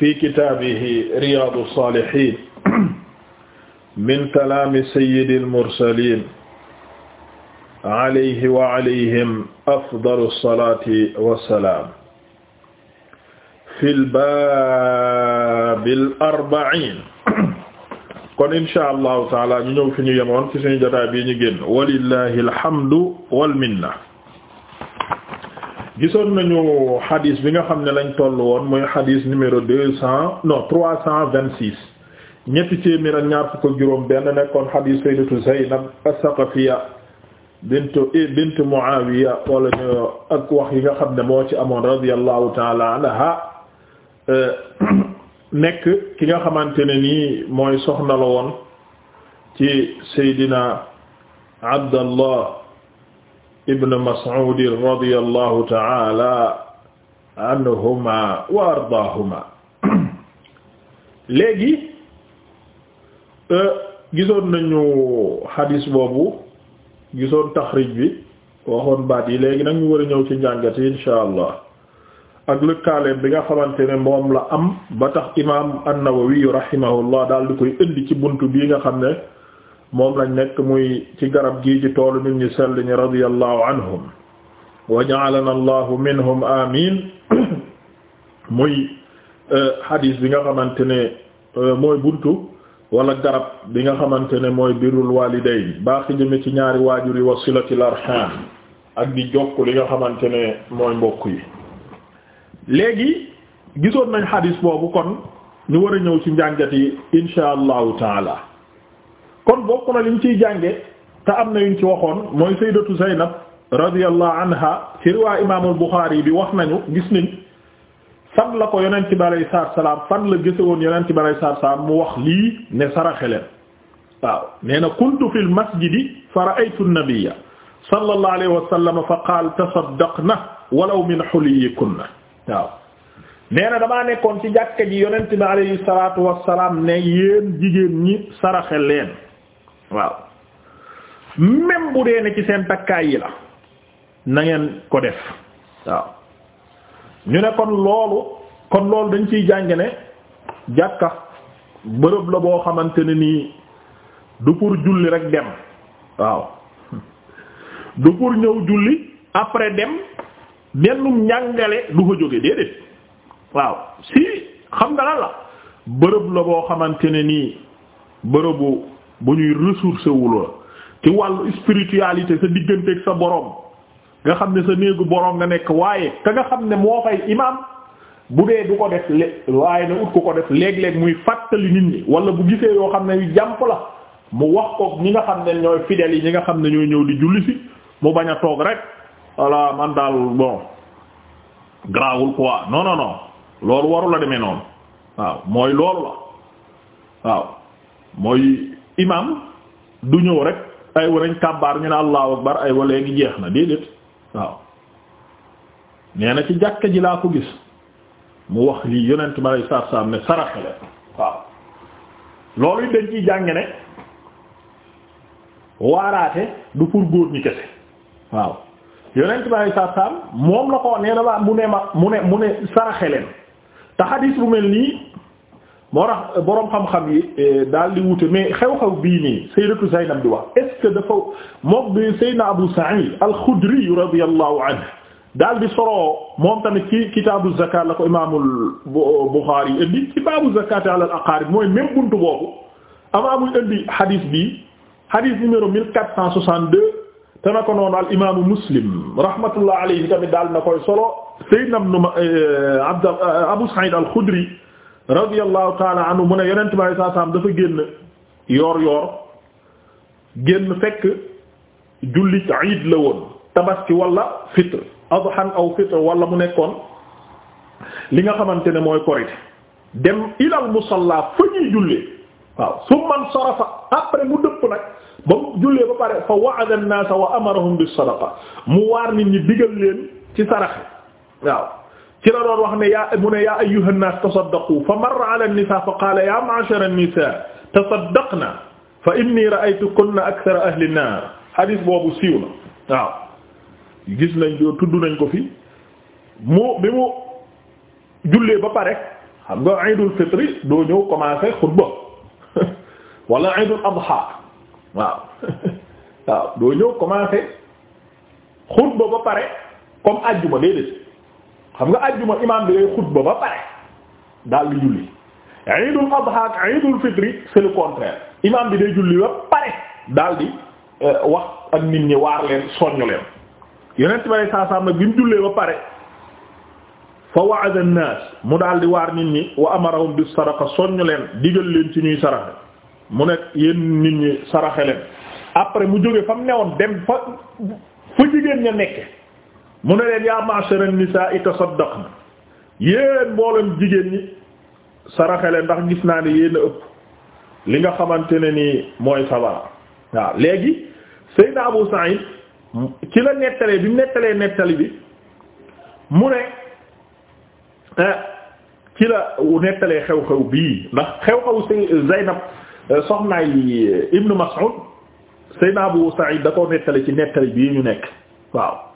fi kitaabihi riyaadu saalihiin min kalaami sayyidil mursaliin alayhi wa alayhim afdalu salaati wa salaam fil baabil arba'iin kon inshaa Allahu taala ñu ñëw fi ñu yemoon ci suñu jotaay bi ñu génn walillaahil hamdu wal minna gisoon nañu xadis bi nga xam ne lañ toll woon mooy xadis numéro deux cent non trois cent vingt six ñetti téeméer ak ñaar fukk ak juróom benn nekkoon xadis sayyidatu Zaynab as-Saqafiya bint bint Muawiya wala ñu ak wax yi nga xam ne moo ci amoon radiyallahu taala anha euh, nekk ki nga xamante ne nii mooy soxna la woon ci Seydina Abdallah ibn Mas'ud radiyallahu ta'ala anhuma wa ardaahuma léegi euh, gisoon nañu xadiis boobu gisoon taxrij bi waxoon baat yi léegi nag war a ñëw ci njàngat yi insha allah ak lëkkaaleem bi nga xamante ne moom la am ba tax imaam an-Nawawi rahimahullah daal di koy indi ci bunt bii nga xam ne moom lañ nekk muy ci garab gii ci toolu nit ñi sell ñi radiyallahu anhum wa ja'alana allahu minhum amin muy euh, hadis bi nga xamante ne euh, mooy buntu wala garab bi nga xamante ne mooy birrul walidayn baax jëme ci ñaari waajur yi wa silatil arham ak di jokk li nga xamante ne mooy mbokk yi léegi gisoon nañ hadis boobu kon ñu war a ñëw ci njàngat yi insha allahu taala kon bokk na liñ ciy jànge te am na yuñ ci waxoon mooy sayyidatu Zaynab radiyallahu anha ci riwaa imaamul Buxaari bi wax nañu gis nañ fan la ko yonent bi alayhi salaam fan la gise woon yonent bi alayhi salaam mu wax lii ne saraxe leen waaw nee na kuntu fil masjidi fa ra'aytu an-nabiyya sallallahu alayhi wa sallam fa qaal tasaddaqna walaw min huliyyikunna waaw nee na damaa nekkoon ci jàkka ji yonent bi alayhi salaatu wa ne yéen jigéen ñi saraxe leen waaw même bu dee ne ci seen takkaay yi la nangeen ko def waaw ñu ne kon loolu kon loolu dañ ciy jàng ne jàkka bërëb la boo xamante ne nii du pour julli rek dem waaw du pour ñëw julli après dem bennum njàngale du fa jóge déedéet waaw si xam nga lan la bërëb la boo xamante ne nii bërëbu bu ñuy ressourcé wu la ci wàllu spiritualité sa digganteeg sa borom nga xam ne sa néegu boroom nga nekk waaye ka nga xam ne moo fay imaam bu dee du ko def le waaye na ut ko ko def léeg-léeg muy fàttali nit ñi wala bu gisee yoo xam ne yu jàmp la mu wax ko ñi nga xam ne ñooy fidèles yi ñi nga xam ne ñooy ñëw di julli si mu bañ a toog rek voilà man daal bon grawul quoi non non loolu waru la demee noonu waaw mooy loolu la waaw mooy imam du ñëw rek ay wa nañ kàbbaar ñu ne allahu akbar ay wa léegi jeex na déedéet waaw nee na ci jàkka ji laa ko gis mu wax lii yonent ma lay saar saar ne saraxe la waaw loolu dañ ciy jànge ne waaraate du pour góor ñi kese waaw yonent ma lay saar moom la ko nee na ma mu ne ma mu ne mu ne saraxe bu mel nii moo boroom xam-xam yi eh, daal di wute mais xew-xew bii nii sayyidatu Zaynab di wax est-ce que dafa moom bi sayyidina Abu Sa'id al-Khudri radiyallahu anhu daal di soroo moom tamit ci kitaabu zakat la ko imaamul Bukhari yi indi ci baabu zakat ala al-aqarib mooy même buntu boobu amaa muy indi hadith bi hadith numéro 1462 te na ko noonu al imaamu Muslim rahmatullah alayhi tamit daal na koy solo sayyidina eh, eh, Abu Sa'id al-Khudri radiyallahu taala anhu mu ne yonent bi saa saam dafa génn yoor yoor génn fekk jullit iid la woon tabaski wala fitr adhan aw fitr wala mu nekkoon li nga xamante ne mooy korite dem ilal musalla fa ñuy jullee waaw summan sarafa après mu dëpp nag ba mu jullee ba pare fa wa'ada an-nas wa amarahum bis sadaqa mu waar nit ñi digal leen ci saraxe waaw ci la doon wax ne yaa mu ne yaa ayyuhan naas tasaddaqu fa marra ala an-nisaa fa qaala yaa ma'shara an-nisaa tasaddaqna fa inni ra'aytukunna akthara ahli an-naar hadith boobu siiw na waaw gis nañ ko tudd nañ ko fi mu bi mu jullee ba pare xam nga iidul fitri doo ñëw commencé xutba wala iidul adha waaw waaw doo ñëw commencé xutba ba pare comme àjjuma déedéet xam nga àjjuma imaam bi lay xutba ba pare daal di julli iidul adha ak iidul c'est le contraire imaam bi day julli ba pare daal di euh, wax ak nit ñi waar leen soññ leen yonent bi alayhi salaam nag bi mu jullee ba pare fa wa'ada an-naas mu daal di waar nit ñi wa amarahum bis sadaqa soññ leen digal leen ci ñuy saraxe mu nekk yéen nit ñi saraxe leen après mu jógee fa mu newoon dem fa fa jigéen ña nekke mu ne leen yaa ma'sharan nisaa'i tasaddaqna yéen mboolem jigéen ñi saraxele ndax gis naa ne yéen a ëpp li nga xamante ne ni mooy sabara waaw léegi Seydina Abu Sa'id ci la nettalee bi mu nettalee nettali bi mu ne eh, ci la nettalee xew-xew bi ndax xew-xew s Zaynab eh, soxnaay eh, Ibnu Mas'ud Seydina Abu Sa'id da ko nettale ci nettali bii ñu nekk waaw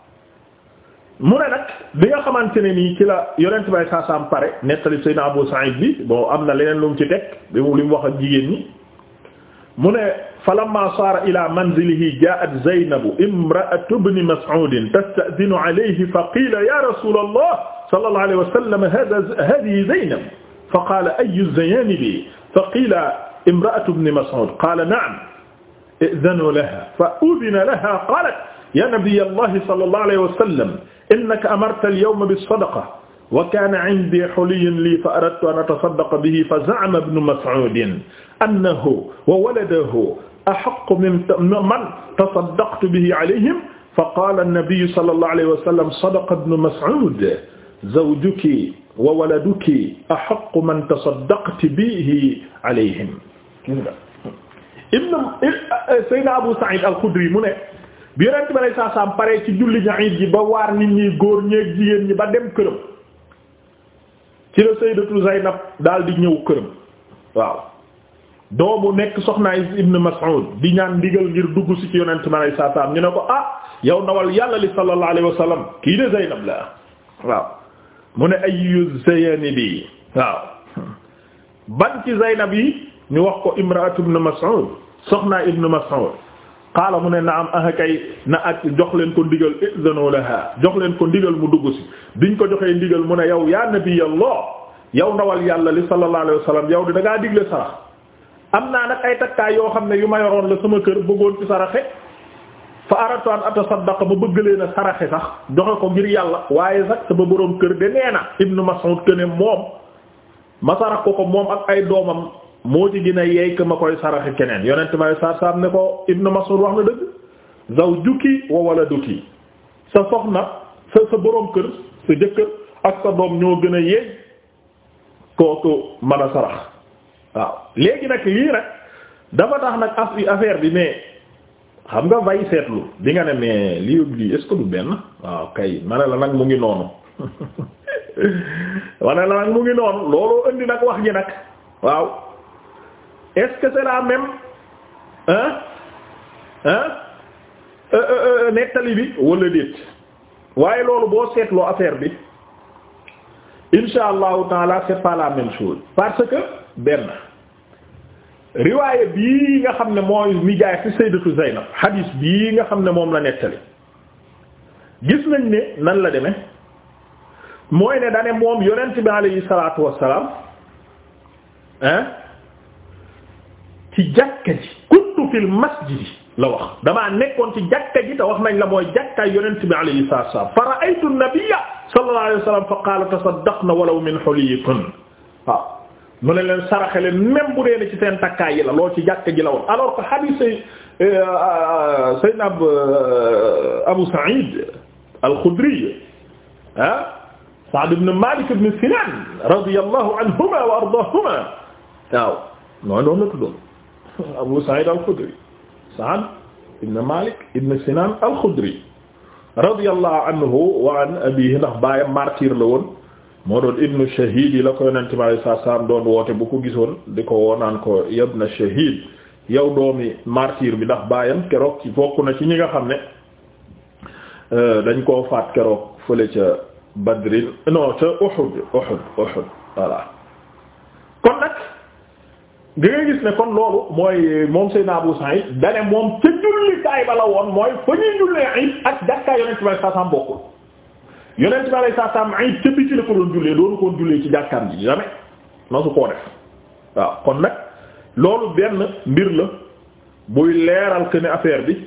mu ne nag bi nga xamante ne nii ci la yonent bay saasaam pare nettali Seydina Abu Sa'id bi bon am na leneen lu mu ci teg li mu wax ak jigéen ñi mu ne falamma saara ila manzilihi jaa'at Zaynabu imra'atu ibn Mas'ud tasta'dinu alayhi fa qiila ya rasula allah sallallahu alayhi wa sallam hada hadihi Zaynab fa qaala ayyu zayanibi fa qiila imra'atu ibn Mas'ud qaala na'am i'dhanu laha fa udhina laha qaalat ya nabiy allah sallallahu alayhi wa sallam innaka amarta al-yawma bis-sadaqa wa kaana 'indi huliyyun lii fa aradtu an atasaddaqa bihi fa za'ama ibnu mas'uudin annahu wa waladahu ahaqqu mimman tasaddaqtu bihi 'alayhim fa qaala an-nabiyyu sallallahu alayhi wa sallam sadaqa ibnu mas'uud zawjuki wa waladuki ahaqqu man tasaddaqti bihi 'alayhim. Ibnu Sayyidina Abu Sa'id al-Khudri mu ne. bi yonent bi saa saam pare ci julli ña it ji ba waar nit ñi góor ñeeg jigéen ñi ba dem këram ci la sayyidatu Zaynab daal di ñëw këram waaw doomu nekk soxnaay Ibn Mas'ud di ñaan ndigal ngir dugg si ci yonent bi alay saa saam ñu ne ko ah yow ndawal yàlla li sallallahu alayhi kii de Zaynab la waaw mu ne ayyu Zaynab waaw ban ci Zaynab yi ñu wax ko imraatu Ibn Mas'ud soxnaay Ibn Mas'ud qaala mu ne na am ah kay na ak jox leen ko ndigal izanu laha jox leen ko ndigal mu dugg si biñ ko joxee ndigal mu ne yow yaa nabiyallah yow ndawal yàlla li sallallahu alayhi wa yow di da ngaa digle sarax am naa nag ay takkaay yoo xam ne yu ma yoroon la sama kër bëggoon ci saraxe fa aratu an atasaddaq ba bëgg leen a saraxe sax joxe ko ngir yàlla waaye sax sama boroom kër de nee na ibnu Mas'ud kene moom ma sarax ko ko moom ak ay doomam moo ci gën a yeey ma koy saraxe keneen yonent may saar-saar ne ko Ibnu Mas'ud wax na dëgg zawjuki wa waladuki sa soxna sa sa boroom kër sa jëkkër ak sa doom ñoo gën a yeey kooku mën a sarax waaw léegi nag lii nag dafa tax nag af affaire bi mais xam nga vay seetlu bi nga ne mais lii ak lii est benn waaw kay ma la nag mu ngi noonu ma ne la nag mu ngi noonu looloo indi nag wax ji nag waaw est-ce que c'est la euh, euh, euh, nettali bi wala déet waaye loolu boo seetloo affaire bi insha allahu taala c'est pas la même parce que benn riwaaye bii nga xam ne mooy mi jaay ci sayyidatu Zaynab hadis bii nga xam ne moom la nettali gis nañ ne nan la demee mooy ne dane moom yonent bi alayhi salaatu wassalaam hein ci jàkka ji kuntu fil masjidi la wax damaa nekkoon ci jàkka ji te wax nañ la mooy jàkkaay yonent bi alayhi salaatu wasallam fa ra'aytu an-nabiyya sallallahu alayhi wasallam fa qaala tasaddaqna walaw min huliyikun waaw mu ne leen saraxe leen même bu dee ci seen takkaay yi la lool ci jàkka ji la woon alors que hadith euh, euh, sayyidina euh, Abu Sa'id al-Khudri ah Sa'd ibn Malik ibn Sinan radiyallahu anhuma wa ardaahuma waaw noonu la tuddoon Abu Sa'id al-Khudri Sa'd ibn Malik ibn Sinan al-Khudri radiyallahu wa abihi ndax baayam martyr la woon moo doon ibnu shahid yi la ko yonente bi alei doon woote bu ko gisoon di ko woonaan ko yabna shahid yow doomi martyr bi ndax baayam keroog ci bokk na ci ñi nga xam ne euh, dañ ko faat keroog fële ca Badrin non ca Uhud Uhud Uhud da ngay gis ne kon loolu mooy euh, moom Seydina Abu Sa'id da moom ca jullikaay ba la woon mooy fa ñuy jullee ayib ak jàkkaay yonent bi saa saam bokkul yonent bi saa saam ayib ca biti la ko doon jullee doonu koon jullee ci jàkkaam ji jamais nosu koo def waaw kon nag loolu benn mbir la buy leeral que ne affaire bi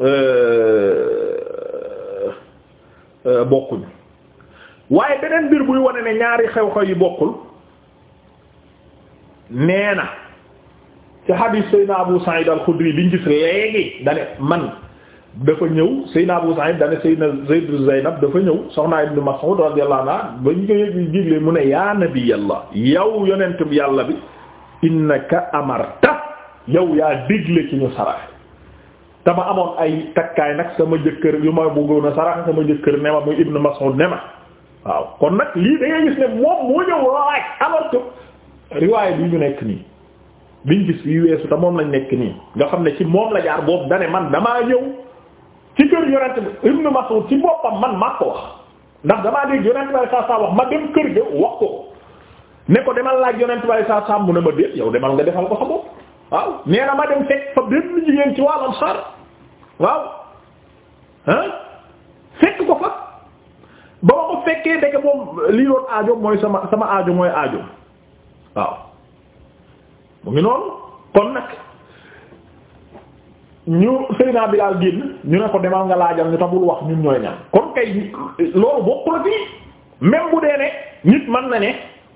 euh, euh, bokkuñ waaye beneen mbir buy wane ne ñaari xew-xew yi bokkul. nee na ci hadis Seydina Abu Sa'id al-Khudri biñ gis léegi dane man dafa ñëw Seydina Abu Sa'id dane Seydina Zayd Zaynab dafa ñëw soxna Ibn Mas'ud radiyallahu anha ba ñu koy jiglee mu ne yaa nabiyallah yow yonentum yàlla bi innaka amarta yow yaa digle ci ñu sarax dama amoon ay takkaay nag sama jëkkër yu ma bëggoon a sarax sama jëkkër ne ma muy Ibn Mas'ud ne ma waaw kon nag lii da gis ne moom moo ñëw laaj alors que riwaay bi ñu nekk nii biñ gis yu weesu te moom lañ nekk nii nga xam ne ci moom la jaar boobu dane man damaa ñëw ci kër yonent bi Ibn ci boppam man maa ko wax ndax damaa dégg yonent bi saa saa wax ma dem kër ga wax ko ne ko demal laaj yonent bi saa saa mu ne ma déet yow demal nga defal ko sa bopp waaw nee na ma dem fekk fa benn jigéen ci wàllum sar waaw ah fekk ko fa ba ma ko fekkee dëgg moom lii doon aajo mooy sama sama aajo mooy aajo. waaw mu ngi noonu kon nag ñu Seydina Bilaal génn ñu ne ko demal nga laajal ñu tabul wax ñun ñooy ñaan kon kay loolu bokku la fii même bu dee ne nit mën na ne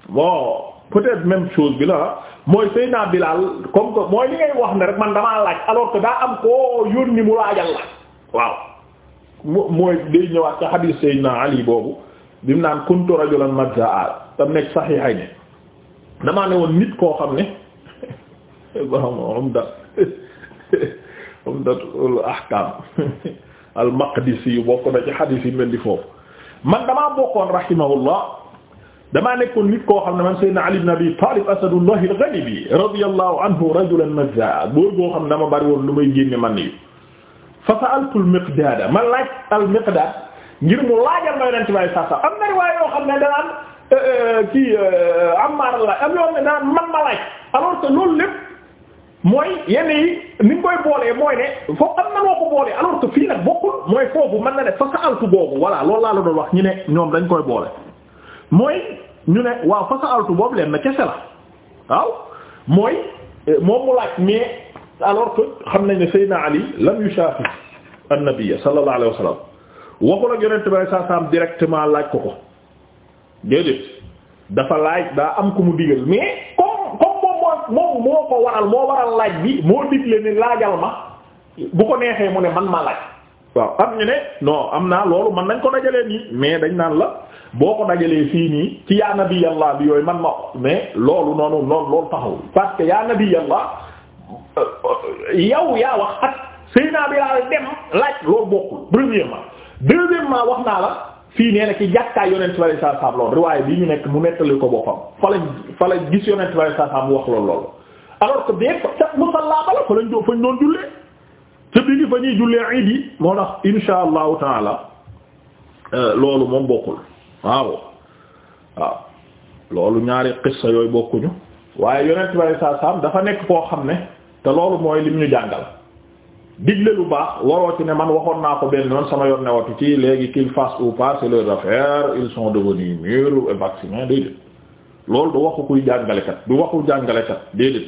bon peut-être même chose bi la mooy Seydina Bilaal comme que mooy li ngay wax ne rek man damaa laaj alors que daa am koo yónni mu laajal la waaw mooy day ñëwaat ca xadiis Seydina Ali boobu bi mu naan kuntu rajulan madza'a tam nekk saxiixay ne damaa ne woon nit koo xam ne bon Umdat Umdatul Ahkam al-Maqdisi yu bokk na ci xadiis yi mel ni foofu man damaa bokkoon rahimahullah damaa nekkoon nit koo xam ne man Seydina Ali ibn Abi Talib Asadullah al-Ghalibi radiyallahu anhu rajulan mazza boo boo xam ne dama bari woon lu may génne man yi fa sa'altu al-Miqdad ma laaj al-Miqdad ngir mu laajal ma Yonent bi sallallahu alayhi wasallam am na riwaaya yoo xam ne danaan kii euh, Ammar la am yoon ne naan man ma laaj alors que loolu lépp mooy yenn yi ni koy boolee mooy ne foofu am na mooy foofu mën na ne fa sa altu boobu voilà loolu laa la wax ñu ne ñoom dañ koy boole mooy ñu ne waaw fa sa altu boobu leen na kese la waaw mooy euh, moom mu laaj mais alors xam nañ ne Seydina Ali lam yushafi an-nabiy sallallahu alayhi wa sallam waxu la yonent bi sallallahu alayhi wa directement laaj ko ko déedéet dafa laaj daa am ku mu digal mais comme comme moom moo moo ko waral moo waral laaj bi moo digle ni laajal ma bu ko neexee mu ne man ma laaj waaw am ñu ne non am naa loolu man nañ ko dajalee nii mais dañ naan la boo ko dajalee fii nii ci yaa nabi allah bi yooyu man ma mais loolu noonu noonu loolu taxawul parce que yaa nabi euh, yow yaa wax ak sëy bi laa dem laaj loolu bokkul premièrement deuxièmement wax naa la fii nee na ci jàkkaay yonent bi saa saam lool riwaay bii ñu nekk mu nettali ko boppam fa lañ fa gis yonent bi saa saam mu wax lool lool alors que bee ca musallaa ba la fa lañ doon fañ doon jullee ca biir fa ñuy jullee iid yi moo tax insha allahu taala euh, loolu moom bokkul waaw waaw loolu ñaari qissa yooyu bokkuñu waaye yonent bi saa saam dafa nekk koo xam ne te loolu mooy lim ñu jàngal. digle lu baax waroo ci ne man waxoon naa ko benn yoon sama yoon ne watu ci léegi qu'ils fassent ou pas c'est leur affaire ils sont devenus mûrs et vaccinés déedéet loolu du waxu kuy jàngalekat du waxu jàngalekat déedéet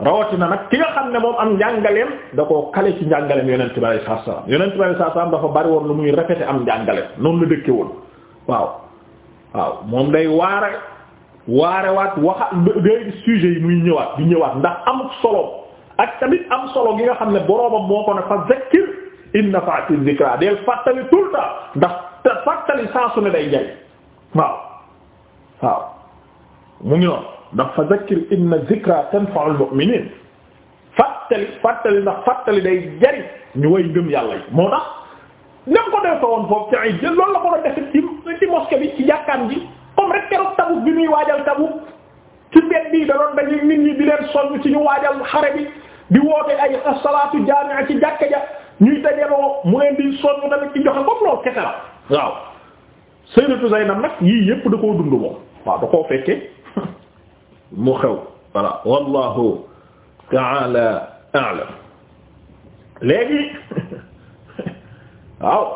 rawatina nag ki nga xam ne moom am njàngaleem da ko kale ci njàngaleem yonent bi sallallahu alayhi wasallam yonent bi sallallahu alayhi wasallam dafa bari woon lu muy répéter am njàngaleem noonu la dëkke woon waaw waaw moom day waare waare waat waxa day sujet yi muy ñëwaat di ñëwaat ndax am solo. ak tamit am solo gi nga xam ne boroomam moo ko ne fa zakkir in nafa'ati dhikra del fàttali tout le temps ndax te fàttali saa su ne day jay waaw waaw mu ngi noonu ndax fa zakkir inna dhikra tanfa'ul mu'minin fàttali fàttali ndax fàttali day jari ñu way ngëm yàlla yi moo tax na nga ko defe woon foofu ci ay jël la ko doon defe ci ci bi ci jàkkaan ji comme rek keroog Tabuk bi ñuy waajal Tabuk ci mbedd bi da doon dañuy nit ñi di leen soññ ci ñu waajal xare bi di woote ay salaatu jaami'a ci jàkka ja ñuy dajaloo mu leen di sonn tamit ci joxe comme loolu kese la waaw Sayyidatu Zaynab nag yii yépp da koo dund waaw da koo fekke mu xew voilà wallahu ta'ala a'lam léegi waaw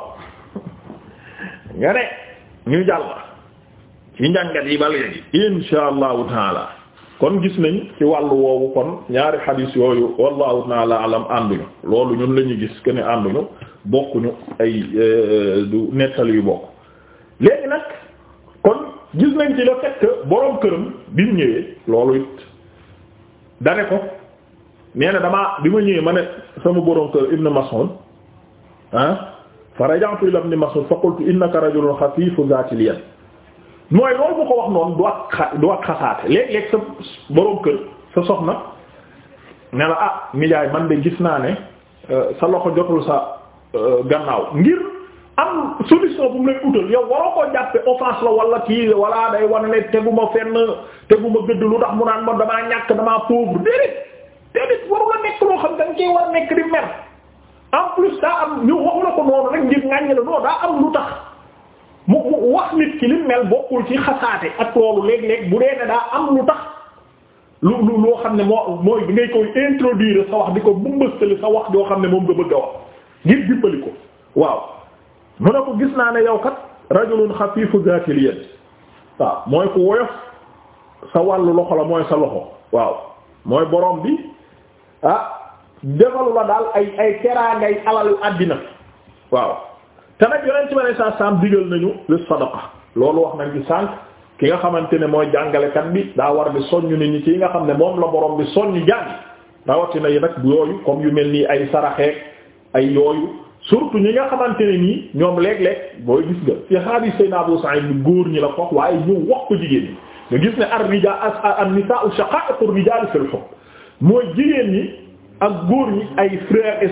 nga ne ñu jàll ci njàngat yi ba léegi insha allahu kon gis nañ ci wàll woowu kon ñaari xadiis yooyu wallahu la alam ànduñu loolu ñun la ñu gis que ne ànduñu bokkuñu ay euh, du nettali yu bokk léegi nag kon gis nañ ci le fait boroom këram bi mu ñëwee loolu it dane ko nee na damaa bi ma ñëwee ma ne sama boroom kër Ibn Mas'ud ah fa raja'tu ila Ibn Mas'ud fa qultu innaka rajulun xafiifu zaatil yad mooy loolu bu ko wax noonu du ak xa du xasaate léeg-léeg sa boroom kër sa soxna ne la ah nijaay man de gis naa ne euh, sa loxo jotul sa euh, gannaaw ngir am solution bu mu lay utal yow waroo koo jàppe offense la wala kii wala day wane ne teguma fenn teguma gëdd lu tax mu naan ma damaa ñàkk damaa pauvre déedéet déedéet waru nekk loo xam da nga cee war nekk di mer en plus daa am ñu waxu la ko noonu rek ngir ŋàññi la non daa am lu tax mu mu wax nit ki mel bokkul ci xasaate ak loolu léeg-léeg bu dee ne daa am lu tax lu lu loo xam ne moo mooy bi ngay koy introduire sa wax di ko bumbastali sa wax joo xam ne moom nga bëgg a wax ngir dimbali ko waaw mu ne ko gis naa ne yow kat rajulun xafiifu zaatil yad waaw mooy ku woyof sa wàllu loxo la mooy sa loxo waaw mooy borom bi ah defalu la daal ay ay teraangay alalu àddina waaw te nag yonent ci ma ne saa digal nañu le sadaqa loolu wax nañ ci sànq ki nga xamante ne mooy jàngalekat bi daa war bi soññ nit ñi ci yi nga xam ne moom la borom bi soññ jàng rawatina yi nag yooyu comme yu mel nii ay saraxeek ay yooyu surtout ñi nga xamante ne nii ñoom léeg-léeg booy gis nga ci hadith sayna Abu Sa'id bi góor ñi la ko wax waaye ñu wax ko jigéen ñi nga gis ne ar-rijal an u shaqaa'iqu ar-rijal fil hukm mooy jigéen ñi ak góor ñi ay frères et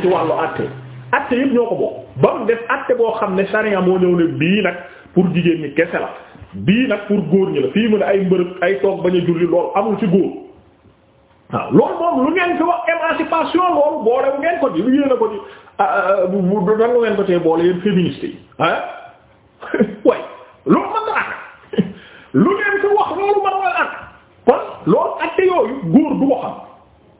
ci wàllu àtte àtte yépp ba mu def àtte boo xam ne sariya moo ñëw ne bii nag pour jigéen ñi kese la bii nag pour góor ñi la fii mu ne ay mbërëb ay toog bañ a julli loolu amul ci góor waaw loolu moom lu ngeen fi wax émancipation loolu boole bu ngeen ko di lu yéen a ko di ah, ah, bu ngeen ko tee boole yéen féministes yi ah way loolu mën na ànd lu ngeen fi wax loolu mën na ànd kon loolu àtte yooyu góor du ko xam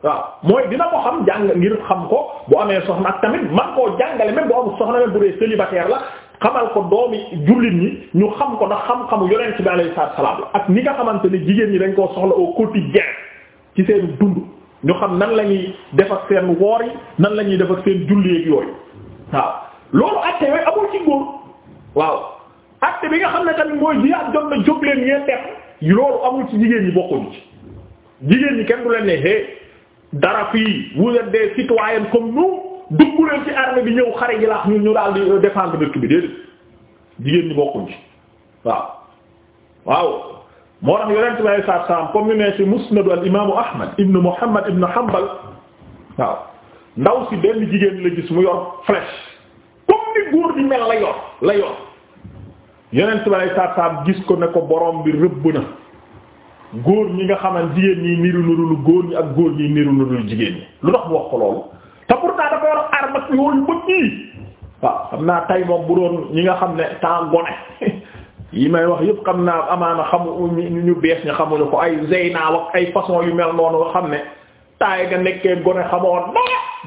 waaw mooy dina ko xam jàng ngir xam ko bu amee soxna ak tamit man koo jàngale même bu amul soxna même bu dee célibataire la xamal ko doomi jullit ñi ñu xam ko ndax xam-xamu yonent bi alayhi salaam la ak ni nga xamante ne jigéen ñi dañ koo soxla au quotidien ci seen dund ñu xam nan la ñuy def ak seen woor yi nan la ñuy def ak seen julli ak yooyu waaw loolu acte yooyu amul ci góor waaw acte bi nga xam ne tamit mooy jiyaat jot na jóg leen ngeen def loolu amul ci jigéen ñi bokkuñu ñi kenn du dara fii vous êtes des citoyens comme nous dugg leen ci armée bi ñëw xare ji laax ñun ñu daal di euh, défendre dëkk bi déedéet jigéen ñi bokkuñ ci waaw waaw moo tax yonent bi alayhi salaatu salaam comme ñu ne ci musnadu al imaamu Ahmad ibn Muhammad ibn Hanbal waaw ndaw si benn jigéen la gis mu yor flèche comme ni góor di mel la yor la yor yonent bi alayhi salaatu salaam gis ko ne ko boroom bi rëbb na góor ñi nga xaman jigéen ñi niru nirulu góor ñi ak góor ñi niru nirul jigéen ñi lu tax mu wax ko loolu te pourtant dafa war ñi nga xam ne temps may wax yëpp xam naa amaana xamu ñu ñu bees ñu xamuñu ko ay Zeyna wax ay façon yu mel noonu nga xam ne taay nga nekkee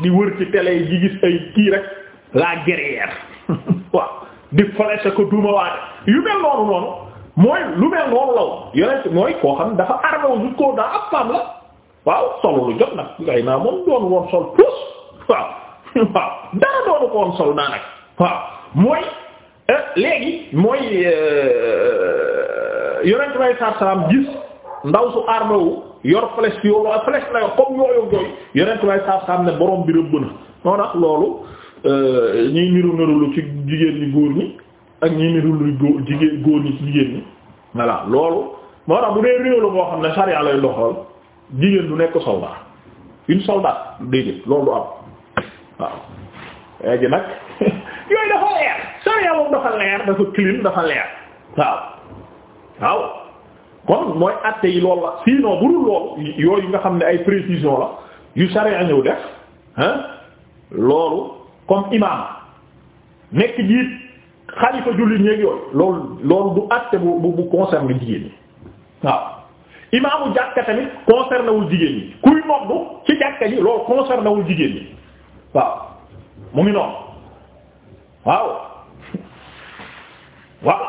di wër ci télé yi di gis ko mooy lu mel noonu law yonent mooy koo xam dafa armewu jut koo daa ab faam la waaw solu lu jot nag ngay naa moom doon woon sol tous waaw waaw doonu ko woon sol naa nag waaw mooy euh, léegi mooy euh, yonent bay saa salaam gis ndaw su armewu yor flèche bi yow flèche la yor comme yooyu yooyu yonent bay saa salaam ne borom bi rëbb na moo tax loolu euh, ñuy niru niru lu ci jigéen ñi góor ñi ak ñi niru luy góor jigéen jigéen ñi voilà loolu moo tax bu dee réew la moo xam ne charia lay doxal jigéen du nekk soldat une soldat déedéet loolu am waaw léegi nag yooyu dafa leer charia moom dafa leer dafa clean dafa leer waaw waaw kon mooy àtte yi loolu la sinon bu dul loolu yooyu nga xam ne ay précision la yu charia ñëw def hein loolu comme imam nekk jiit xalifa jullit ñéeg yooyu lool loolu du acte bu bu bu concerne jigéen ñi waaw imaamu jàkka tamit concerne wul jigéen ñi kuy noddu ci jàkka ji loolu concerne jigéen ñi waaw mu ngi noonu waaw waaw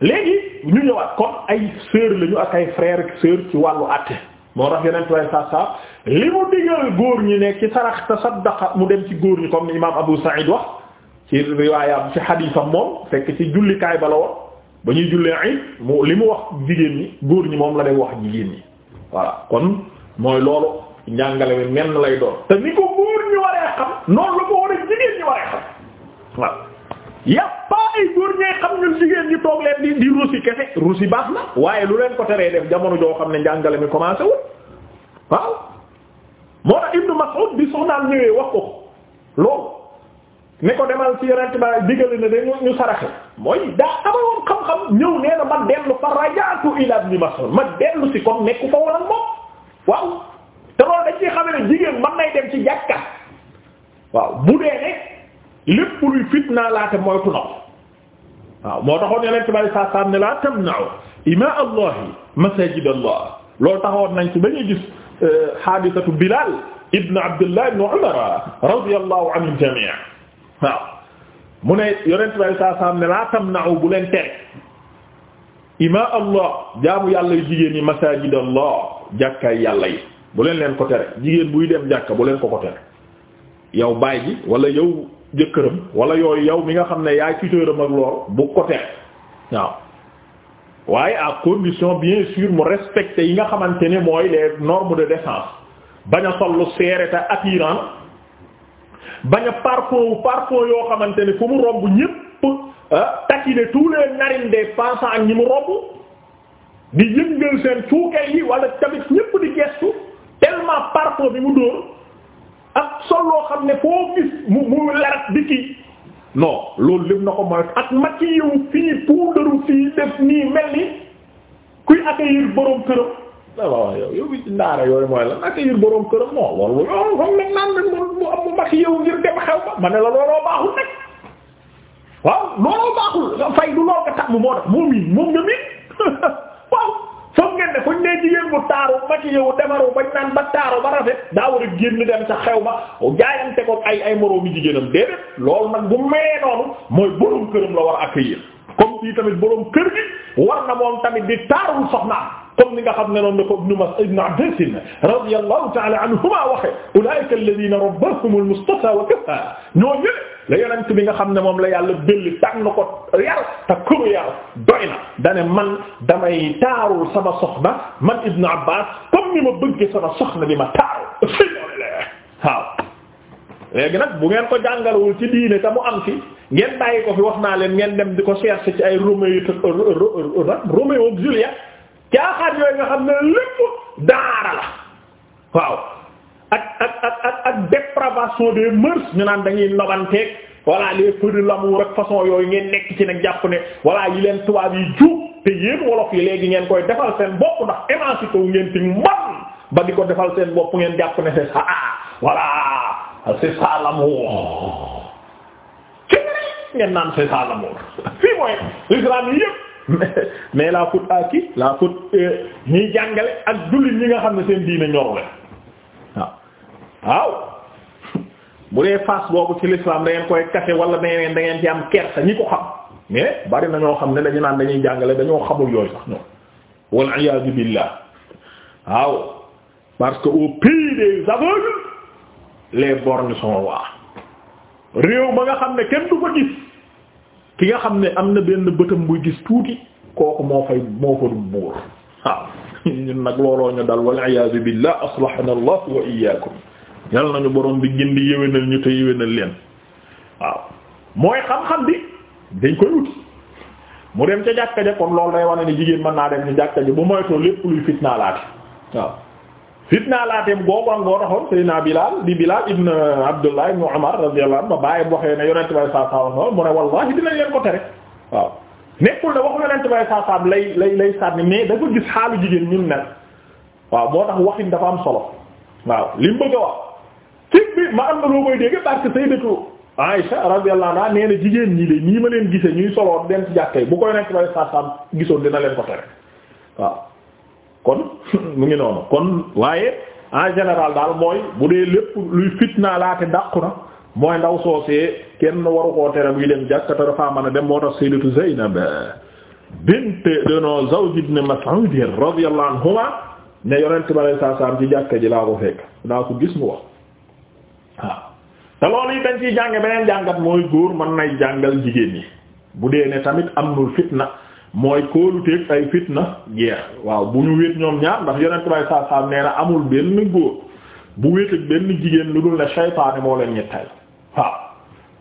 léegi ñu ñëwaat kon ay sœur lañu ak ay frère ak ci wàllu àtte moo tax yeneen way sa sa li mu digal góor ñi ne ci sarax tasaddaqa mu dem ci góor ñi comme ni imaam Abu Sa'id wax ci riwaayam ci xadiisam moom fekk ci jullikaay ba ba ñuy jullee it mu li mu wax jigéen ñi góor ñi moom la dem wax jigéen ñi voilà kon mooy loolu njàngale lay doon te ni ko góor ñi xam ñi waaw yàppa góor ñee xam ñun jigéen ñi toog leen di di rusi kese baax na waaye lu leen ko teree def jamono joo xam ne njàngale mi commencé wul waaw moo tax Ibnu Mas'ud bi soxnaam ñëwee wax ko loolu ne ko demal ci yonent ba digale dañu ñu saraxe mooy daa amaloon xam-xam ñëw nee na ba dellu fa rajaatu ila ibn Mas'ud ma dellu si comme nekku fa wala moom waaw te loolu dañ ci xamee ne jigéen mën nay dem ci jàkka waaw bu dee ne lépp luy fitna laate moytu na ko waaw moo taxoon yonent ba saa saa ne laa tamna'u ima Allah masajid Allah loolu taxawoon nañ ci ba ñuy gis hadisatu euh, Bilal ibn Abdullah ibn Umar radiyallahu anhum jami'an waaw mu ne yonent bay saa saam ne laa tamna'u bu leen tere ima allah jaamu yàlla yu jigéen yi masajid allah jàkkaay yàlla yi bu leen leen ko tere jigéen buy dem jàkka bu leen ko ko tere yow baay bi wala yow jëkkëram wala yooyu yow mi nga xam ne yaay tuteuram ak lool bu ko tere waaw waaye à condition bien sûr mu respecter yi nga xamante ne mooy les normes de décence bañ a sollu seere te attirant bañ a parfum yoo xamante ne fu mu romb ñépp ah, taquiner tous les narines des passants ak ñi mu romb di yëngal seen cuukay yi wala tamit ñépp di gestu tellement parfum bi mu dóor ak sol xam ne foo gis mu mu lerat di kii non loolu lépp na ko moytu ak maquillé wu fii poudre fii def nii mel ni kuy accueillir borom kër dafa wax yooyu mooy lan accueillir borom këram non loolu loolu xam nag naan nag mu mu am mu mag ngir dem xew ma ma la looloo baaxul nag waaw looloo baaxul fay du lool nga moo tax moom jigéen bu taaru mag a tamit di taarul soxnaam. comme ni nga xam ne noonu la ko ibn Mas'ud ibn Abbas radiyallahu ta'ala anhuma waxe ulaa'ika alladhina rabbahumul Mustafa wa kafa ñoo ñële la yonent bi nga xam ne moom la yàlla belli tànn ko yar te kuru yar doy na dane man damay taarul sama soxna man ibn Abbas comme ni ma bëgg sama soxna bi ma taaru waaw léegi nag bu ngeen ko jàngalewul ci diine te mu am ci ngeen bàyyi ko fi wax naa leen ngeen dem di ko chercher ci ay Roméo Roméo Juliette caaxaar yooyu nga xam ne lépp daara la waaw ak ak ak ak ak dépravation des mœurs ñu naan dañuy nobanteeg voilà les feux de l'amour rek façon yooyu ngeen nekk ci nag jàpp ne voilà yi leen tubaab yi juub te yéen wolof yi léegi ngeen koy defal seen bopp ndax émancipé wu ngeen ci mën ba di ko defal seen bopp ngeen jàpp ne c'est ça voilà c'est ça l'amour ci ngeen naan c'est ça l'amour fii mooy l'islam yépp mais la faute à qui la faute euh, ñiy jàngale ak jullit ñi nga xam ne seen diine ñorule waaw waaw bu dee face boobu ci l'islam da ngeen koy kase wala da ngeen da ngeen ci am kersa ñi ko xam mais bari na ñoo xam ne dañu naan dañuy jàngale dañoo xamul yooyu sax ñoom wal iyaazu billah waaw parce que au pays des aveugles les borgnes sont rois réew ma nga xam ne kenn du ko gis ki nga xam ne am na benn bëtam buy gis tuuti kooku moo fay moo fa dum buur waaw ñun nag looloo ñu dal wal iyaazu billah aslahana allah wa iyyakum yal nañu borom bi gindi yéwénal ñu te yéwénal leen waaw mooy xam-xam bi dañ koy wuti mu dem ca jàkka ja kon loolu day wane ni jigéen mën naa dem ni jàkka ja bu moytoo lépp luy fitnaalaati waaw fitna laateem googu ak ngoo taxoon Seydina Bilal di Bilal ibn Abdullah ibn Umar radiyallahu anhu ba bàyyi waxee ne yonent bay saa saam noonu mu ne wallahi dinañ leen ko tere waaw nekkul ne waxu yonent saa saam lay lay lay sànni mais dafa gis xaalu jigéen ñun nag waaw moo tax waxin dafa am solo waaw li mu bëgg a wax ci bi ma am na loo koy dégg parce que Sayyidatu Aïcha radiyallahu anha nee na jigéen ñi de ñii ma leen gisee ñuy soloon den ci jàkkee bu ko yonent saa saam gisoon dina leen ko tere waaw kon mu ngi noonu kon waaye en général daal mooy bu dee lépp luy fitna laate dàqu na mooy ndaw soosee kenn waru koo tere muy dem jàkkata dafa mën a dem moo tax sayyidatu Zaynab bint dono zawj ibn Mas'ud radiyallahu anhuma ne yonent bi alayhi salaam ci jàkka ji laa ko fekk daa ko gis mu wax waaw te loolu yi dañ ciy jànge beneen jàngat mooy góor mën nay jàngal jigéen yi bu dee ne tamit am nul fitna mooy kóoluteeg ay fitna jeex waaw bu ñu wéet ñoom ñaar ndax yonent bay saa saa nee na amul benn góor bu wéet ak benn jigéen lu dul ne saytaane moo leen ñetteel waaw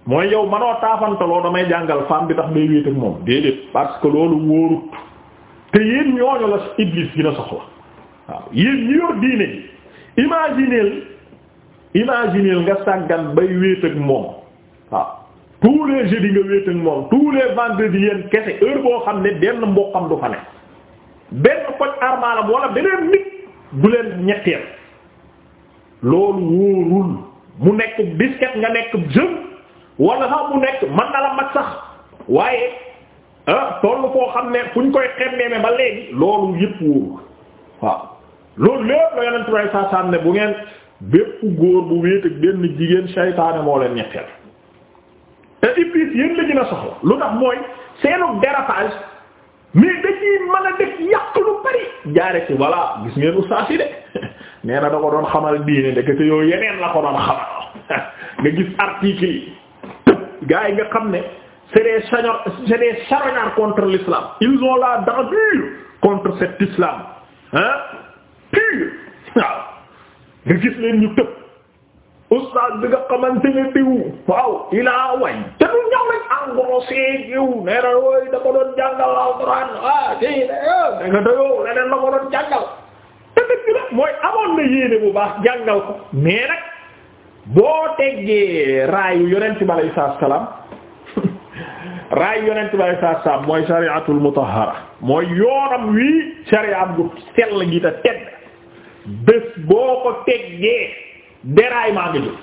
mooy yow manoo taafantaloo damay jàngal femme bi tax ngay wéet ak moom déedéet parce que loolu wóorut te yéen ñooñu la Iblis dina soxla waaw yéen ñi yor diine gi imagineel imagineel nga sàggan bay wéet ak moom. tous les jeudis nga wéet ak moom tous les vendredis kese heure boo xam ne benn mboqam du fa ne benn koñ armalam wala beneen nit du leen ñetteel loolu wóorul mu nekk bisket nga nekk jeune wala sax mu nekk mën na la mat sax waaye ah toll koo xam ne fu ñu koy xemmeeme ba léegi loolu yëpp wóorul waaw loolu lépp la yonent way saa ne bu ngeen bépp góor bu wéet ak jigéen saytaane moo leen ñetteel te Iblis yéen la gën soxla lu tax mooy seenu dérapage mais da ciy mën a def yàq lu bari jaare ci voilà gis ngeen ustaas yi de nee da ko doon xamal diine ndekete yooyu yeneen la ko doon xamal nga gis article yi yi nga xam ne c'est des charognards c'est contre l'islam ils ont la dent dure contre cet islam hein nga gis leen ñu tëb oustaz bi nga xamante ne diw waaw ilaa way te du ñëw rek engrosé diw nee na wooy da ko doon jàngal alxuraan ah tey da ah, nga doyoo leneen la te dëgg la mooy amoon na yéene bu baax jàngal ko mais nag boo teggee raayu yonent bi alayhi salaam raayu yonent bi alayhi salaam mooy shari'atul mutahhara mooy yoonam wii shari'am bu sell te tedd bés boo ko teggee déraillement nga jël